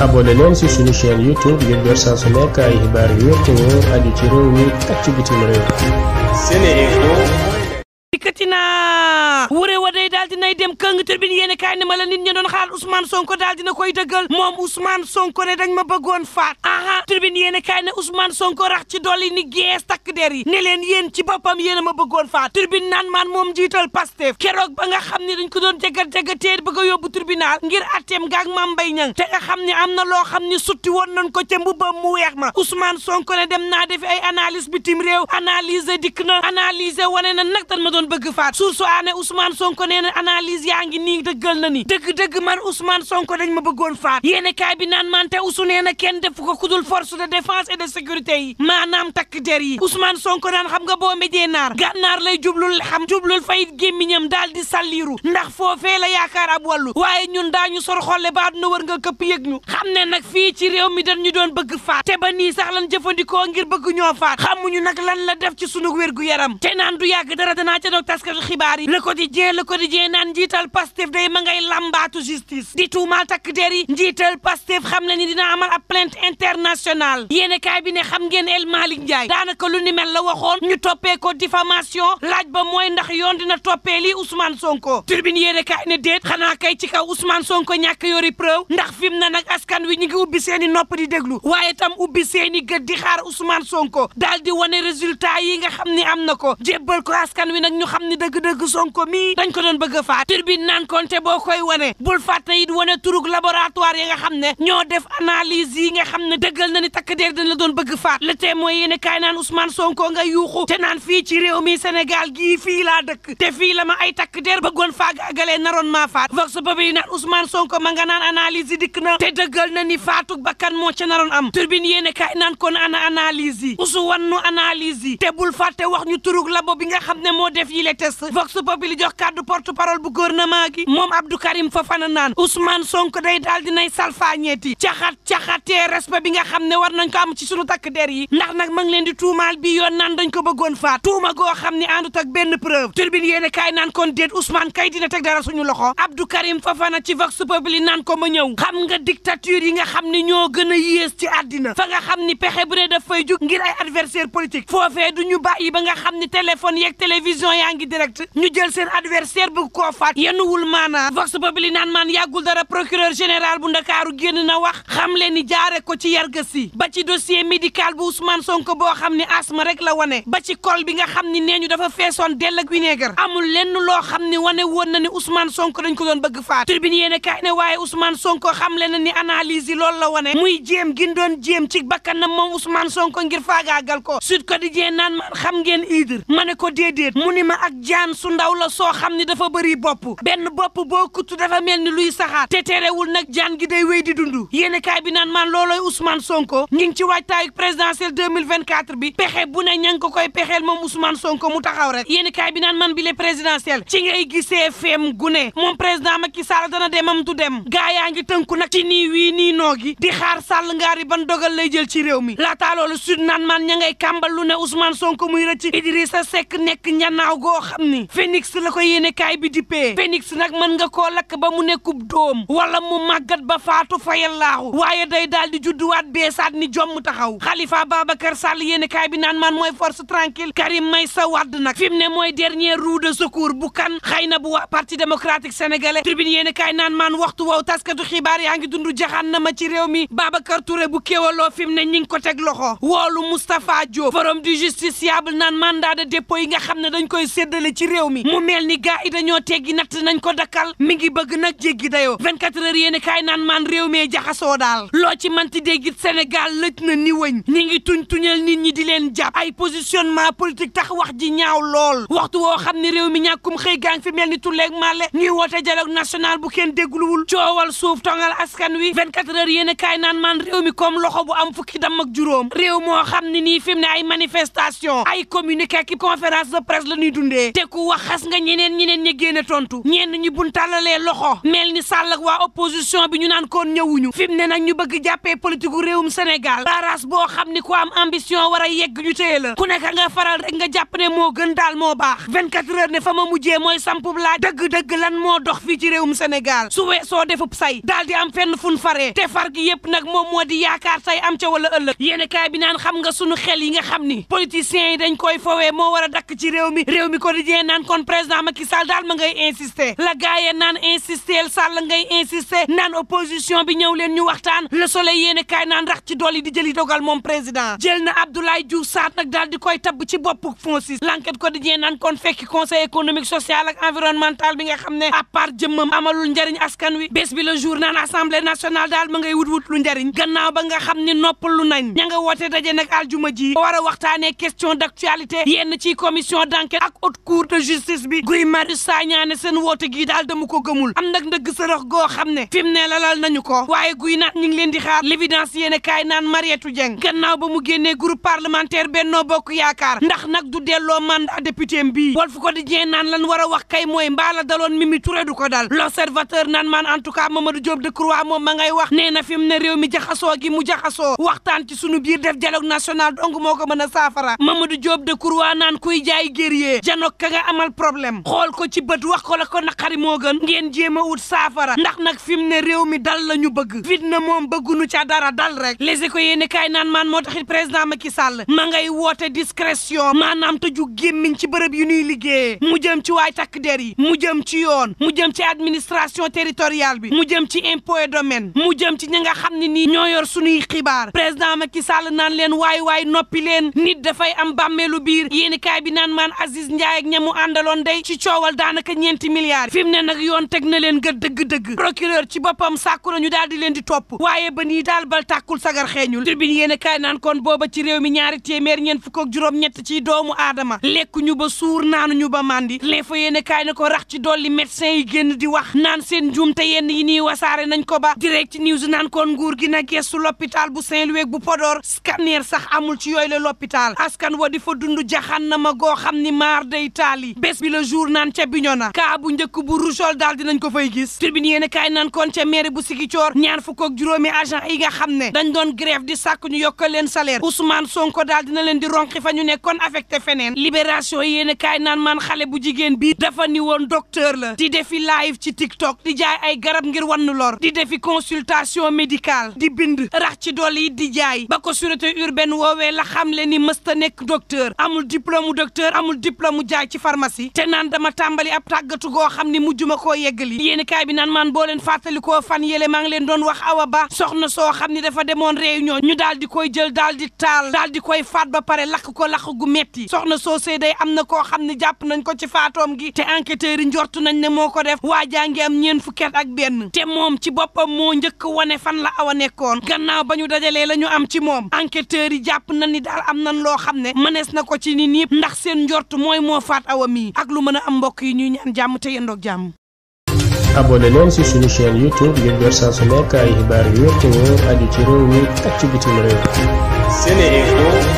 abonné leen ci suñu chaîne YouTube ngir jot saa su nekk ay xibaar ci réew mi ak ci bitim réew. Sénéinfo. dikkati naa. wa day daal dinay dem këng turbine yéeni kaay ne ma la nit ñi doon xaar Ousmane Sonko daal dina koy dëggal moom Ousmane Sonko ne dañ ma bëggoon faat aha turbine yéeni kaay ne Ousmane Sonko rax ci dolli ni gees takk der yi ne leen yéen ci boppam yéen a ma bëggoon faat turbine naan maan moom njiital Pastef keroog ba nga xam ne dañ ko doon jagat-jagateer bëgg yóbbu tribunal ngir atteem gaag Mame Mbaye Niang te nga xam ne am na loo xam ne sutti woon nañ ko ca mbubbam mu weex ma Ousmane Sonko ne dem naa defi ay analyse bitim réew analyse dikk na analyse wane na nag dañ doon bëgg faat source aane Ousmane Sonko nee na analyse yaa ngi nii dëggal na ni dëgg-dëgg man Ousmane Sonko dañ ma bëggoon faat yéene kaay bi naan man te usu nee na kenn defu ko kudul force de défense et de sécurité yi maanaam takk der yi Ousmane Sonko naan xam nga boo méjee naar gànnaar lay jublul xam jublul fayit gémmiñam daal di salliiru ndax foofee la yaakaar ab wàllu waaye ñun daañu sor xolle ba àdduna wër nga këpp yëg ñu xam ne nag fii ci réew mi dañ ñu doon bëgg faat te ba nii sax lan jëfandikoo ngir bëgg ñoo faat xamuñu nag lan la def ci sunu wér yaram te naan du yàgg dara danaa ca doog taskatu xibaar yi le quotidien quotidien naan njiital pastef day ma ngay lambaatu justice di tuumaal takk der yi njiital pastef xam na ni dina amal ab plainte internationale yéene kaay bi ne xam ngeen El Malick Ndiaye daanaka lu ni mel la waxoon ñu toppee ko diffamation laaj ba mooy ndax yoon dina toppee lii Ousmane Sonko turbine yéene kaay ne déet xanaa kay ci kaw Ousmane Sonko ñàkk yori preuve ndax fi mu ne nag askan wi ñu ngi ubbi seeni nopp di déglu waaye tam ubbi seeni gët di xaar Ousmane Sonko daal di wane résultat yi nga xam ni am na ko jébbal askan wi nag ñu xam ni dëgg Sonko mii dañ ko doon bëgg a faat turbine naan konte boo koy wane bul fàtte it wane turug laboratoire yi nga xam ne ñoo def analyse yi nga xam ne dëggal na ni takk der dañ doon bëgg faat le témoin yi ne kaay naan Ousmane Sonko nga yuuxu te naan fii ci réew mi Sénégal gii fii laa dëkk te fii la ma ay takk der bëggoon faagaagalee naroon maa faat vox populi naan Ousmane Sonko ma nga naan analyse yi dikk na te dëggal na faatu faatug bakkan moo ca naroon am turbine yéene kaay naan kon ana analyse yi usu wannu analyse yi te bul wax ñu turug labo bi nga xam ne moo def yi le test vox populi jox du porte parole bu gouvernement gi moom Abdou Karim Fofana naan Ousmane Sonko day daal dinay salfaañeeti caxat caxatee respect bi nga xam ne war nañ ko am ci sunu takk der yi ndax nag ma ngi leen di tuumaal bi yoon naan dañ ko bëggoon faat tuuma goo xam ne àndut ak benn preuve turbine yéene kaay naan kon déet Ousmane kay dina teg dara suñu loxo Abdou Karim Fofana ci vox populi naan ko ma ñëw xam nga dictature yi nga xam ne ñoo gën a yées ci àddina fa nga xam ni pexe bu ne daf fay jug ngir ay adversaire politique foofee du ñu bàyyi ba nga xam ni téléphone yeeg télévision yaa ngi direct ñu jël seen adversaire adversaire bëgg koo faat yenuwul maanaa vox populi naan maan yàggul dara procureur général bu ndakaaru génn na wax xam leen ni jaare ko ci yarga si ba ci dossier médical bu Ousmane Sonko boo xam ne asma rek la wane ba ci kol bi nga xam ni nee ñu dafa feesoon dell ak vinaigre amul lenn loo xam ni wane woon na ni Ousmane Sonko dañ ko doon bëgg faat tribune yéene kaay ne waaye Ousmane Sonko xam leen ni analyse lool la wane muy jéem gin doon jéem ci bakkanam moom Ousmane Sonko ngir faagaagal ko Sud Quotidien naan man xam ngeen Idr ma ne ko déedéet mu ni ma ak jaan su ndaw la soo xam ni dafa bëri bopp benn bopp boo kutu dafa mel ni luy saxaat te terewul nag jaan gi day wéy di dund yéen kaay bi naan maan loolooy Ousmane Sonko ñi ngi ci waajtaayu présidentielle 2024 bi pexe bu ne ña ngi ko koy pexeel moom Ousmane Sonko mu taxaw rek yéen kaay bi naan man bi le présidentielle ci ngay gisee feem gune moom président Macky Sall dana demam tu dem ga yaa ngi tënku nag ci nii wii nii noo gi di xaar Sall ngaari ban dogal lay jël ci réew mi laataa loolu sud man ña ngay kàmbal lu ne Ousmane Sonko muy rëcc Idrissa Seck nekk ñannaaw goo xam ni Phoenix ko yéene yéenekaay bi di pee phénix nag mën nga koo lakk ba mu nekkub dóom wala mu maggat ba faatu fayal laaxu waaye day daal di judduwaat beesaat ni jomm taxaw baaba Khalifa Babacar Sall yéenekaay bi naan man mooy force tranquille Karim Meïssa Wade nag fi mu ne mooy dernier roue de secours bu kan xay na bu waa parti démocratique sénégalais tribune yéenekaay naan maan waxtu wow taskatu xibaar yaa ngi dund jaxaan na ma ci réew mi Babacar Touré bu kéwaloo fi mu ne ñi ngi ko teg loxo woolu Moustapha Diop forum du justiciable naan mandat de dépôt yi nga xam ne dañ koy séddale ci réew mi i yi dañoo teggi natt nañ ko dakkal mi ngi bëgg nag jéggi dayoo 24 heures yéen kaay naan maan réew mee jaxasoo daal loo ci manti déggit Sénégal lëj na ni wëñ ñi ngi tuñ tuñal nit ñi di leen jàpp ay positionnement politique tax wax ji ñaaw lool waxtu woo xam ne réew mi ñàkkum xëy gaa fi mel ni tulleeg màlle ñuy woote dialogue national bu kenn déggluwul coowal suuf tongal askan wi 24 heures yéen kaay naan maan réew mi comme loxo bu am fukki dam ak juróom réew moo xam ne nii fi ay manifestation ay communiqué ak conférence de presse la ñuy dundee te ku wax ñeneen ñi génne tontu ñenn ñi buñ tàllalee loxo mel ni Sall ak waa opposition bi ñu naan koon ñëwuñu fi mu ne nag ñu bëgg jàppee politique gu réewum Sénégal baras boo xam ni ko am ambition war a yegg ñu téye la ku nekk nga faral rek nga jàpp ne moo gën daal moo baax 24 heures ne fa ma mujjee mooy sampub laaj dëgg-dëgg lan moo dox fii ci réew réewum senegal su soo defub say daal di am fenn fun faree te far gi yépp nag moom moo di yaakaar say am ca wala ëllëg yéen kaay bi naan xam nga sunu xel yi nga xam ni politiciens yi dañ koy fowee dakk ci réew mi Sall daal ma ngay insister la gaay naan insister Sall ngay insister naan opposition bi ñëw leen ñu waxtaan le soleil yéen kaay naan rax ci dool yi di jëli dogal moom président jël na Abdoulaye Diouf Sarr nag daal di koy tabb ci boppu FONSIS l'enquête quotidien naan kon fekki conseil économique social ak environnemental bi nga xam ne à part jëmmam amalul njëriñ askan wi bés bi la jour naan assemblée nationale daal ma ngay wut wut lu njëriñ gannaaw ba nga xam ne noppalu nañ ña nga woote daje nag aljuma ji war a waxtaanee question d'actualité yenn ci commission d'enquête ak haute cour de justice Marius Sagna ne seen woote gii daal dama ko gëmul am nag ndëgg sërëx goo xam ne fi mu ne lalal nañu ko waaye guy naat ñu ngi leen di xaar l'évidence yéene kaay naan Mariétou Dieng gannaaw ba mu génnee groupe parlementaire Benno Bokk Yaakaar ndax nag du delloo man mandat député bii Walf Quotidien naan lan war a wax kay mooy mbaala daloon mi Touré du ko dal l'observateur naan maan en tout cas Mamadou Diop Decroix moom ma ngay wax nee na fi mu ne réew mi jaxasoo gi mu jaxasoo waxtaan ci sunu biir def dialogue national dong moo ko mën a saafara Mamadou Diop Decroix naan kuy jaay guerrier janook ka nga amal problème xool ko ci bët wax ko la ko naqari moo gën ngeen jéem a wut saafara ndax nag fi mu ne réew mi dal la ñu bëgg fitna moom bëggunu ca dara dal rek les éco yéene kaay naan maan moo taxit président ki Sall ma ngay woote discrétion maanaam tëju gémmiñ ci bërëb yu ñuy liggéeyee mu jëm ci waay takk der yi mu jëm ci yoon mu jëm ci administration territoriale bi mu jëm ci impôt et domaine mu jëm ci ña nga xam ni nii ñoo yor suñuy xibaar président Macky Sall naan leen waay waay noppi leen nit dafay am bàmmeelu biir yéene kaay bi naan maan coowal daanaka ñeenti milliards fi mu ne nag yoon teg na leen nga dëgg-dëgg procureur ci boppam sàkku ñu daal di leen di topp waaye ba nii daal bal tàkkul sagar xeeñul tribune bi a kaay naan kon booba ci réew mi ñaari téeméer ñeent fukk ak juróom ñett ci doomu aadama lekk ñu ba suur naanu ñu ba màndi l'info yéen a kaay na ko rax ci dolli médecin yi génn di wax naan seen njuumte yenn yi nii wasaare nañ ko ba direct news naan kon nguur gi na gestu l'hôpital bu Saint-Louis bu Podor scanner sax amul ci yooyu la l'hôpital askan wa di fa dund jaxan na ma goo xam ni maar day taali bés bi le naan ca Bignona kaa bu njëkk bu rougeole daal dinañ ko fay gis tribune yéen kaay naan kon ca maire bu Sigicoor ñaar fukk ak juróomi agent yi nga xam ne dañ doon grève di sàkk ñu yokkal leen salaire Ousmane Sonko daal na leen di ronqi fa ñu nekkoon affecté feneen libération yéen kaay naan maan xale bu jigéen bi dafa ni woon docteur la di defi live ci TikTok di jaay ay garab ngir wannu lor di defi consultation médicale di bind rax ci dolli di jaay ba ko sûreté urbaine woowee la xam le ni mësta nekk docteur amul diplôme docteur amul diplôme jaay ci pharmacie te tàmbali ab tàggatu goo xam ni mujjuma ma koo yeggali yéen kaay bi naan maan boo leen fàttalikoo fan yële maa ngi leen doon wax awa ba soxna soo xam ni dafa demoon réunion ñu daal di koy jël daal di taal daal di koy faat ba pare lakk ko lakk gu metti soxna soo see day am na koo xam ne jàpp nañ ko ci faatoom gi te enquêteurs yi njortu nañ ne moo ko def waa jàngi am ñeen fukki at ak benn te moom ci boppam moo njëkk wane fan la awa nekkoon gannaaw ba ñu dajalee la ñu am ci moom enquêteurs yi jàpp nañ ni daal am nañ loo xam ne mënees na ko ci nit ñi ndax seen njort mooy moo faat awa mii ak lu mën a am mbokk yi ñuy ñaan jàmm jàmm. abonné leen ci suñu chaîne youtube ngir jot saa su nekk ay xibaar yu wér te wóor ci réew mi ak ci réew.